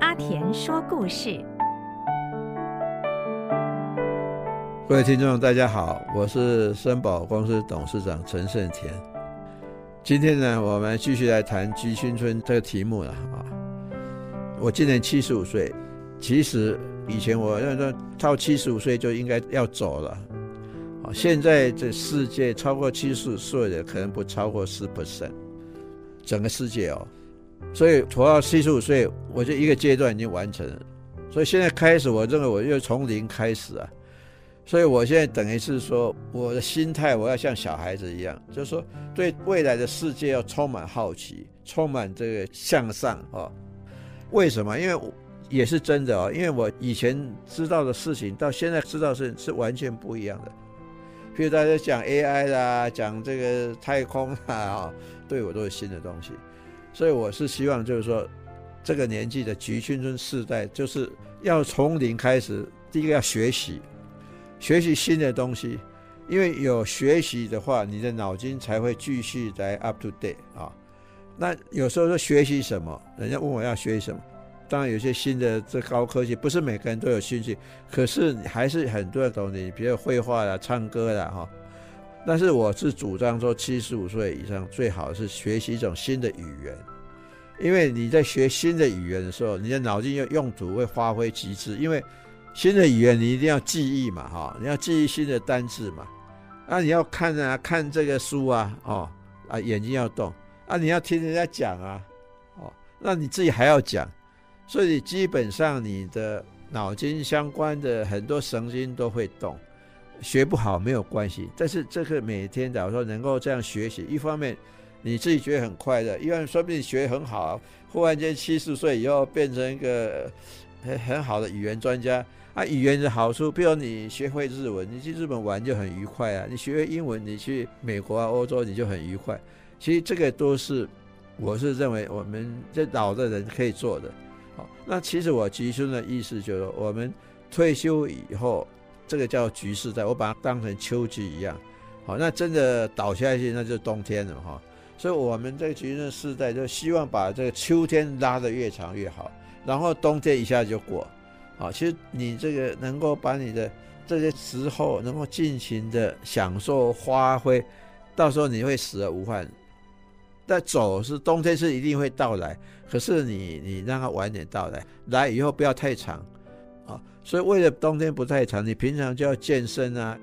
阿沺說故事。各位聽眾，大家好，我是森寶公司董事長陳勝田。今天呢，我們繼續來談“橘青春”這個題目了啊。我今年七十五歲，其實以前我認為到七十五歲就應該要走了。啊，現在這世界超過七十五歲的可能不超過4%整個世界哦，所以我到七十五歲，我就一個階段已經完成了。所以現在開始，我認為我又從零開始啊。所以我現在等於是說，我的心態我要像小孩子一樣，就是說對未來的世界要充滿好奇，充滿這個向上啊、哦。為什麼？因為也是真的哦，因為我以前知道的事情，到現在知道的事情是完全不一樣的。比如大家講 AI 啦，講這個太空啊、哦。對我都是新的東西，所以我是希望，就是說，這個年紀的橘青春世代，就是要從零開始，第一個要學習，學習新的東西，因為有學習的話，你的腦筋才會繼續在 up to date 啊、哦。那有時候說學習什麼，人家問我要學習什麼，當然有些新的這高科技，不是每個人都有興趣，可是還是很多的東西，比如繪畫啦、唱歌啦，哈、哦。但是我是主張說，七十五歲以上最好是學習一種新的語言，因為你在學新的語言的時候，你的腦筋用用途會發揮極致。因為新的語言你一定要記憶嘛，哈、哦，你要記憶新的單字嘛，那、啊、你要看啊，看這個書啊，哦，啊，眼睛要動啊，你要聽人家講啊，哦，那你自己還要講，所以基本上你的腦筋相關的很多神經都會動。學不好沒有關係，但是這個每天假如說能夠這樣學習，一方面你自己覺得很快樂，一方面說不定你學很好，忽然間七十歲以後變成一個很很好的語言專家啊。語言的好處，比如你學會日文，你去日本玩就很愉快啊；你學會英文，你去美國啊、歐洲你就很愉快。其實這個都是我是認為我們這老的人可以做的。好，那其實我集中的意思就是，我們退休以後。這個叫橘世代，我把它當成秋季一樣，好，那真的倒下去，那就是冬天了哈。所以我們這個橘世代就希望把這個秋天拉得越長越好，然後冬天一下就過。好，其實你這個能夠把你的這些時候能夠盡情的享受發揮，到時候你會死而無憾。但走是冬天是一定會到來，可是你你讓它晚點到來，來以後不要太長。所以為了冬天不太長，你平常就要健身啊。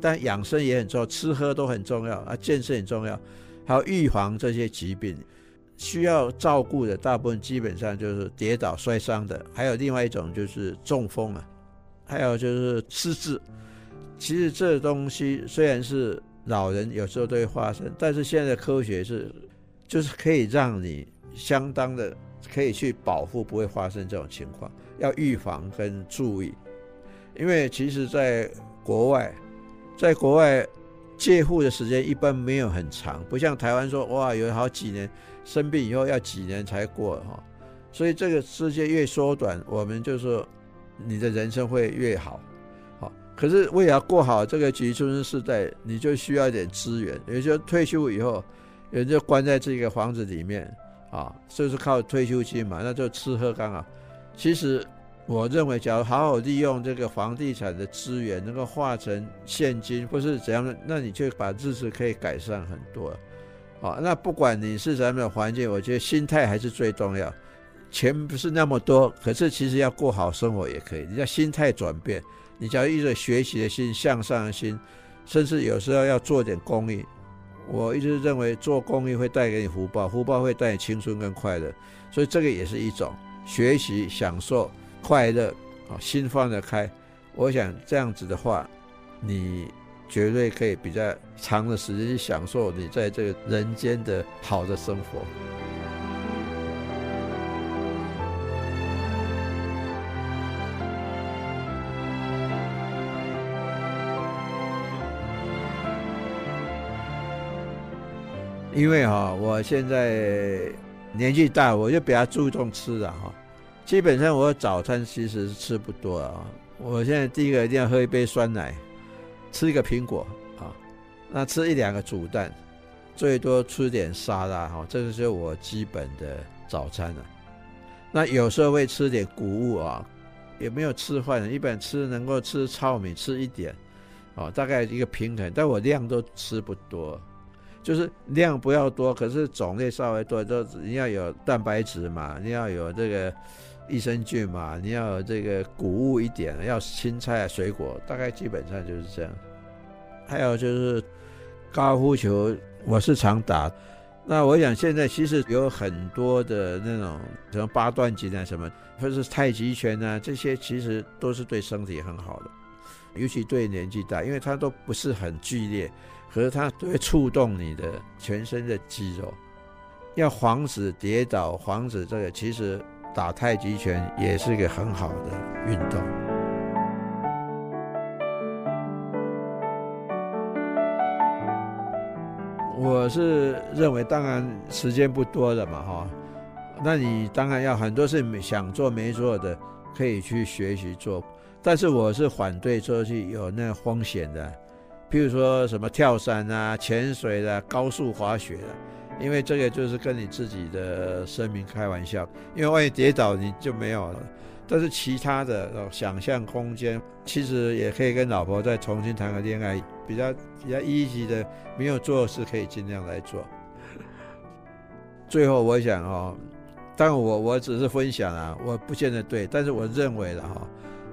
但養生也很重要，吃喝都很重要啊，健身很重要，還有預防這些疾病需要照顧的，大部分基本上就是跌倒摔傷的，還有另外一種就是中風啊，還有就是失智。其實這東西雖然是老人有時候都會發生，但是現在的科學是就是可以讓你相當的。可以去保護，不會發生這種情況。要預防跟注意，因為其實，在國外，在國外借戶的時間一般沒有很長，不像台灣說，哇，有好幾年生病以後要幾年才過哈、哦。所以這個時間越縮短，我們就說你的人生會越好，好、哦。可是為了過好這個集中的時代，你就需要一點資源。也就是退休以後，有人就關在這個房子裡面。啊、哦，就是靠退休金嘛，那就吃喝剛好。其實，我認為，假如好好利用這個房地產的資源，能夠化成現金或是怎樣的，那你就把日子可以改善很多。啊、哦，那不管你是怎樣的環境，我覺得心態還是最重要。錢不是那麼多，可是其實要過好生活也可以。你要心態轉變，你只要一着學習的心、向上的心，甚至有時候要做點公益。我一直認為做公益會帶給你福報，福報會帶你青春跟快樂，所以這個也是一種學習、享受、快樂啊，心放得開。我想這樣子的話，你絕對可以比較長的時間去享受你在這個人間的好的生活。因為哈，我現在年紀大，我就比較注重吃了哈。基本上我早餐其實是吃不多啊。我現在第一個一定要喝一杯酸奶，吃一個蘋果啊。那吃一兩個煮蛋，最多吃點沙拉哈。這個是我基本的早餐了。那有時候會吃點穀物啊，也沒有吃壞。一般吃能夠吃糙米，吃一點啊，大概一個平衡。但我量都吃不多。就是量不要多，可是種類稍微多，就你要有蛋白質嘛，你要有這個益生菌嘛，你要有這個穀物一點，要青菜水果，大概基本上就是這樣。還有就是高爾夫球，我是常打。那我想現在其實有很多的那種什麼八段錦啊，什麼或者是太極拳啊，這些其實都是對身體很好的，尤其對年紀大，因爲它都不是很劇烈。可是它會觸動你的全身的肌肉，要防止跌倒，防止這個，其實打太極拳也是一個很好的運動。我是認為，當然時間不多了嘛，哈，那你當然要很多事想做沒做的，可以去學習做，但是我是反對出去有那風險的。譬如說什麼跳傘啊、潛水的、啊、高速滑雪的、啊，因為這個就是跟你自己的生命開玩笑，因為萬一跌倒你就沒有了。但是其他的想象空間其實也可以跟老婆再重新談個戀愛，比較比較積極的，沒有做的事可以盡量來做。最後我想哦，但我我只是分享啊，我不見得對，但是我認為的哈、哦。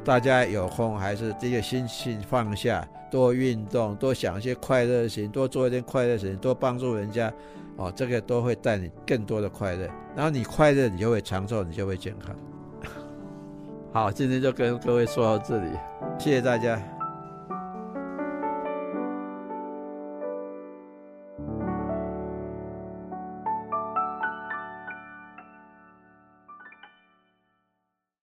大家有空還是這個心情放下，多運動，多想一些快樂的事情，多做一點快樂事情，多幫助人家，哦，這個都會帶你更多的快樂。然後你快樂，你就會長壽，你就會健康。好，今天就跟各位說到這裡，謝謝大家。